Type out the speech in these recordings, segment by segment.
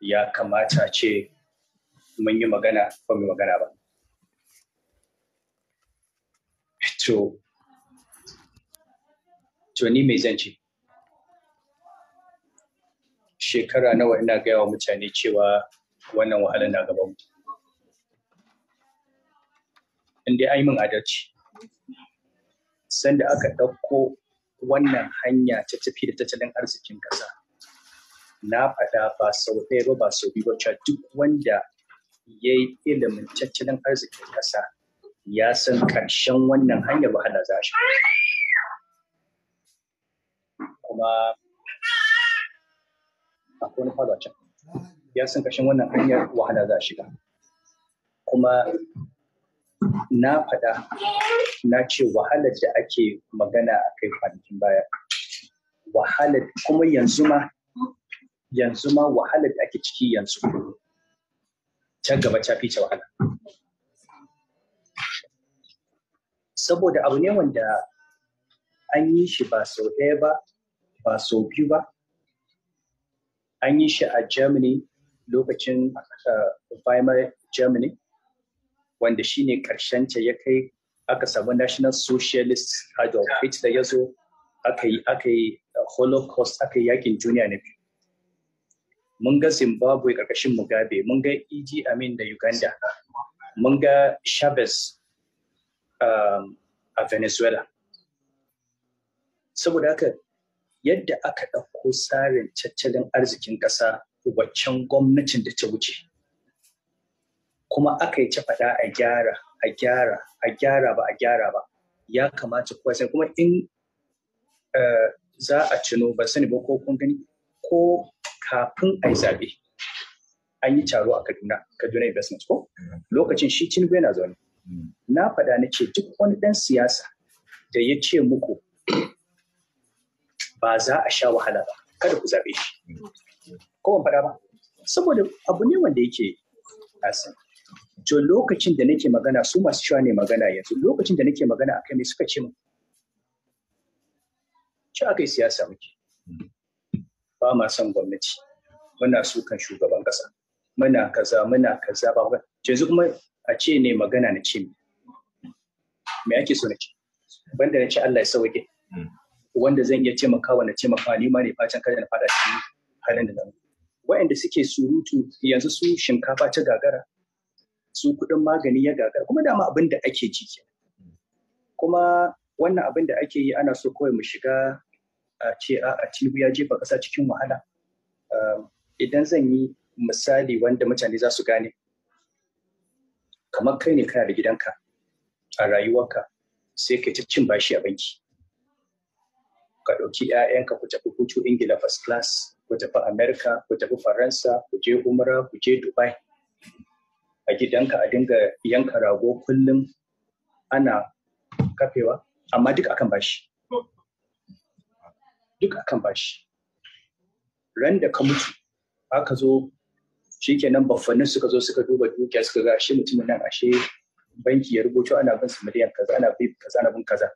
ya kamata ce mun yi magana ba mu magana ba to to ni mai zance shekara nawa ina gaya wa mutane cewa wannan wahalar na gaba mu inda yi min adalci sanda aka ɗauko wannan hanya ta tafi da tattalin arzikin ƙasa na faɗa ba sau ɗaya ba ba sau biyu ba cewa duk wanda ya yi ilimin tattalin arzikin ƙasa ya san ƙarshen wannan hanyar wahala za shi kuma akwai wani fada can ya san ƙarshen wannan hanyar wahala za shiga kuma na faɗa na ce wahalar da ake magana a kai kwanakin baya wahalar kuma yanzu ma yanzu ma wahala da ake ciki yanzu ta gaba ta fice wahala saboda abu ne wanda an yi shi ba sau ɗaya ba ba sau biyu ba an yi shi a germany lokacin eh, weimar germany wanda shi shine ta ya kai aka samu national socialist adolf hitler ya zo aka yi eh, holocaust aka yi yakin duniya na biyu mun ga zimbabwe ƙarƙashin mugabe mun ga Igi amin da uganda mun ga chavez um, a venezuela saboda haka yadda aka ɗauko tsarin tattalin arzikin ƙasa waccan gwamnatin da ta wuce kuma aka yi ta faɗa a gyara a gyara a gyara ba a gyara ba ya kamata kuwa sai kuma in uh, za a tuno ba sani ba ko kun ko kafin a yi zaɓe an yi taro a Kaduna, Kaduna Investment ko? Mm. Lokacin shi Tinubu yana zaune. Mm. Na faɗa na ce duk wani ɗan siyasa da ya ce muku ba za a sha wahala ba, kada ku zaɓe shi. Mm. Ko ban faɗa ba? Saboda abu ne wanda yake asan To lokacin da nake magana su masu cewa ne magana yanzu lokacin da nake magana akan me suka ce mu. Ci akai siyasa muke. ba ma son gwamnati muna sukan shugaban kasa muna kaza muna kaza ba yanzu kuma a ce ne magana na ce me ake so na ce banda na ce Allah ya sauke hmm. wanda zan iya taimakawa na taimaka, ni ma ne fatan kada na fada shi halin da nan wa'anda suke surutu yanzu su shinkafa ta gagara su kuɗin magani ya gagara kuma dama abin da ake ji hmm. kuma wannan abin da ake yi ana so kawai mu shiga a ce a tinubu ya jefa ƙasa cikin wahala idan zan yi misali wanda mutane za su gane kamar kai ne kana da gidanka a rayuwarka sai ka ta cin bashi a banki ka ɗauki 'ya'yanka ku tafi hutu ingila first class ku tafi america ku tafi faransa ku je umra ku je dubai a gidanka a dinga yanka rago kullum ana kafewa amma duk akan bashi duk akan bashi ran da ka mutu aka zo shikenan baffannin suka zo suka duba dukiya suka ga ashe mutumin nan ashe banki ya rubuto ana bin su miliyan kaza ana bin kaza ana bin kaza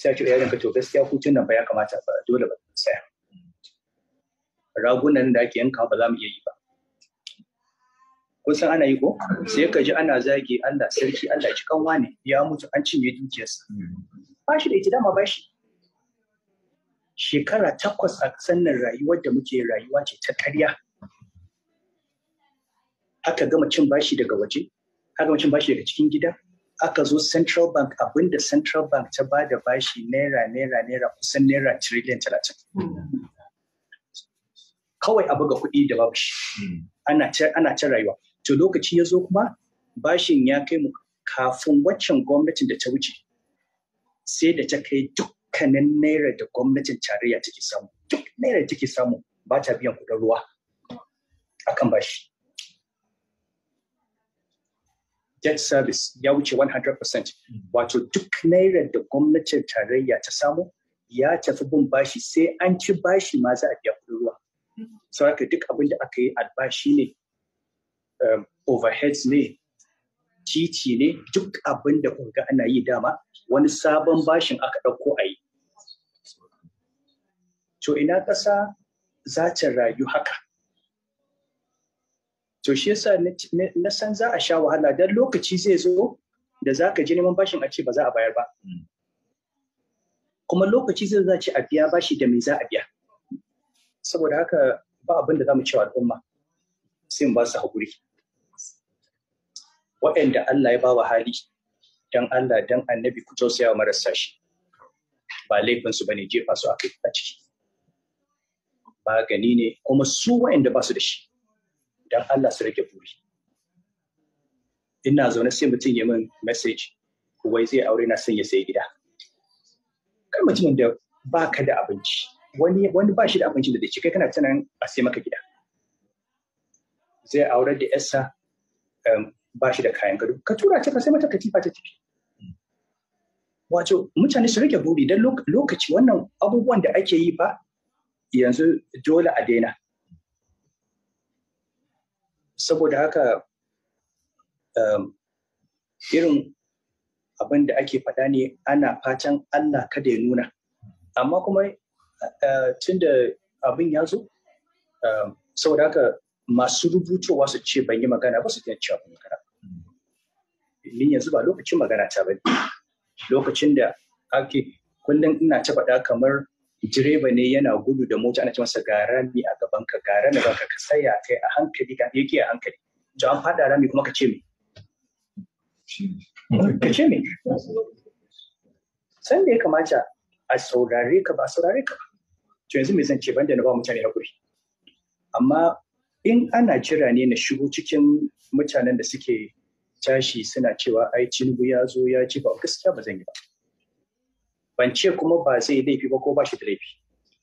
sai ce yaron ka to gaskiya hutun nan ba ya kamata ba dole ba tsaya ragunan da ake yanka ba za mu iya yi ba kun san ana yi ko sai ka ji ana zage Allah sarki Allah ci kanwa ne ya mutu an cinye dukiyarsa hmm. ba shi da ita dama ba shi shekara takwas a ƙasar nan rayuwar da muke rayuwa ce ta karya aka gama cin bashi daga waje aka gama cin bashi daga cikin gida aka zo central bank abinda central bank ta ba da bashi naira naira naira kusan naira trillion talatin kawai a buga kuɗi da babu shi ana ta rayuwa to lokaci ya zo kuma bashin ya kai mu kafin waccan gwamnatin da ta wuce sai da ta kai duk dukkanin naira da gwamnatin tarayya take samu duk naira da take samu ba ta biyan kudin ruwa akan bashi debt service ya wuce 100% wato duk naira da gwamnatin tarayya ta samu ya tafi bin bashi sai an ci bashi ma za a biya kudin ruwa sauraka duk abin da aka yi albashi ne um, overheads ne titi ne duk abinda da kuka ana yi dama wani sabon bashin aka ɗauko a yi to ina ƙasa za ta rayu haka to shi yasa na san za a sha wahala don lokaci zai zo da za ka ji neman bashin a ce ba za a bayar ba hmm. kuma lokaci zai za a ce a biya bashi da mai za a biya saboda haka ba abin da za mu cewa al'umma sai mu ba su haƙuri waɗanda Allah ya ba wa hali don Allah don annabi ku tausaya wa marasa shi ba laifinsu ba ne jefa su a ciki magani ne kuma su wa'anda ba su da shi don Allah su rage buri ina zaune sai mutum ya min message wai zai aure na son ya sai gida kar mutumin da baka da abinci wani wani ba shi da abincin da dace kai kana tunan a sai maka gida zai aure da yarsa ba shi da kayan gado ka tura ta ka sai mata katifa ta tafi wato mutane su rage buri don lokaci wannan abubuwan da ake yi ba yanzu dole a daina saboda haka um, irin abin da ake faɗa ne ana fatan Allah kada ya nuna amma kuma tun da abin ya zo um, saboda haka masu rubutowa su ce ban yi magana ba su ta cewa ban magana ni yanzu ba lokacin magana ta ba lokacin da ake kullum ina ta faɗa kamar direba ne yana gudu da mota ana ce masa ga rami a gaban ka ga rami ka ka tsaya kai a hankali ka yake a hankali to an fada rami kuma ka ce me ka ce me san da ya kamata a saurare ka ba saurare ka ba to yanzu me zan ce banda na ba mutane hakuri amma in ana kira ne na shigo cikin mutanen da suke tashi suna cewa ai Tinubu ya zo ya ci ba gaskiya ba zan yi ba ban ce kuma ba zai laifi ba ko ba shi da laifi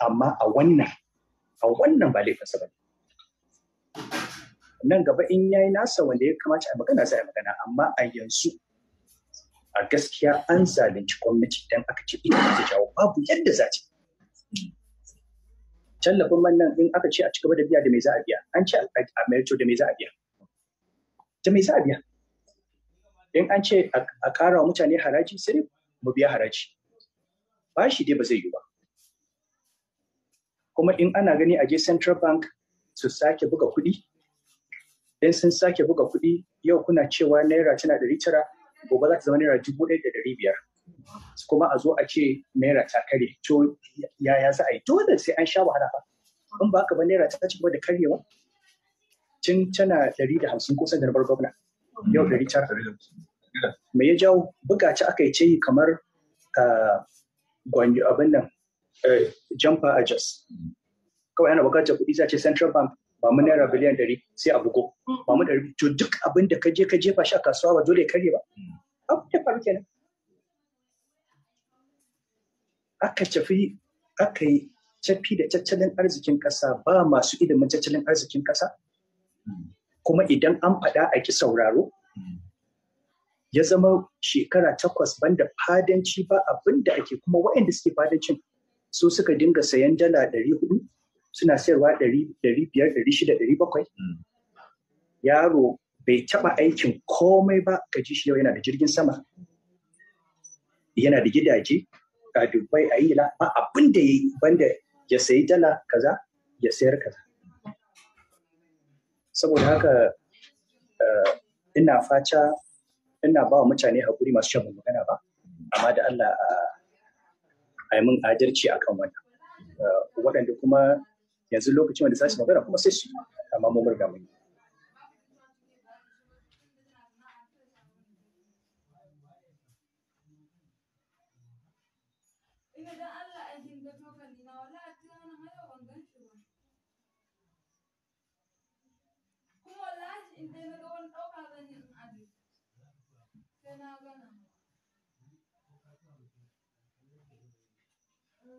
amma a wannan a wannan ba laifinsa ba nan gaba in ya yi nasa wanda ya kamata a magana sai a magana amma a yanzu a gaskiya an zalunci gwamnati don aka ce ita ta jawo babu yadda za ta tallafin man nan in aka ce a cigaba da biya da mai za a biya an ce a mayarto da mai za a biya da mai za a biya in an ce a kara wa mutane haraji sai mu biya haraji bashi dai ba zai yi ba kuma in ana gani a je central bank su sake buga kuɗi dan sun sake buga kuɗi yau kuna cewa naira tana ɗari tara gobe za ta zama naira dubu ɗaya da ɗari biyar kuma a zo a ce naira ta kare to yaya za a yi dole sai an sha wahala fa in ba ka ba naira ta ci gaba da karyewa tun tana ɗari da hamsin ko da na bar gwamna yau ɗari tara me ya jawo buga ci aka yi ce kamar ah, gwanjo abin nan eh, a jos kawai ana bukatar kuɗi za ce central bank ba mu naira biliyan ɗari sai a bugo ba mu ɗari to duk abin da ka je ka jefa shi a kasuwa ba dole ya karye ba abu da faru kenan aka tafi aka yi tafi da tattalin arzikin ƙasa ba masu ilimin tattalin arzikin ƙasa kuma idan an faɗa a ki sauraro ya zama shekara takwas banda fadanci ba abin da ake kuma waɗanda suke fadancin su suka dinga sayan dala ɗari hudu suna sayarwa ɗari biyar ɗari shida ɗari bakwai hmm. yaro bai taɓa aikin komai ba ka ji shi yau yana da jirgin sama yana da gidaje a dubai a yi ba abin da ya yi banda ya sayi dala kaza ya sayar kaza saboda haka eh, ina fata ina ba wa mutane hakuri masu shan magana ba amma da Allah a yi min adalci akan wannan uh, waɗanda kuma yanzu lokacin wanda za magana kuma sai su amma mu murga mun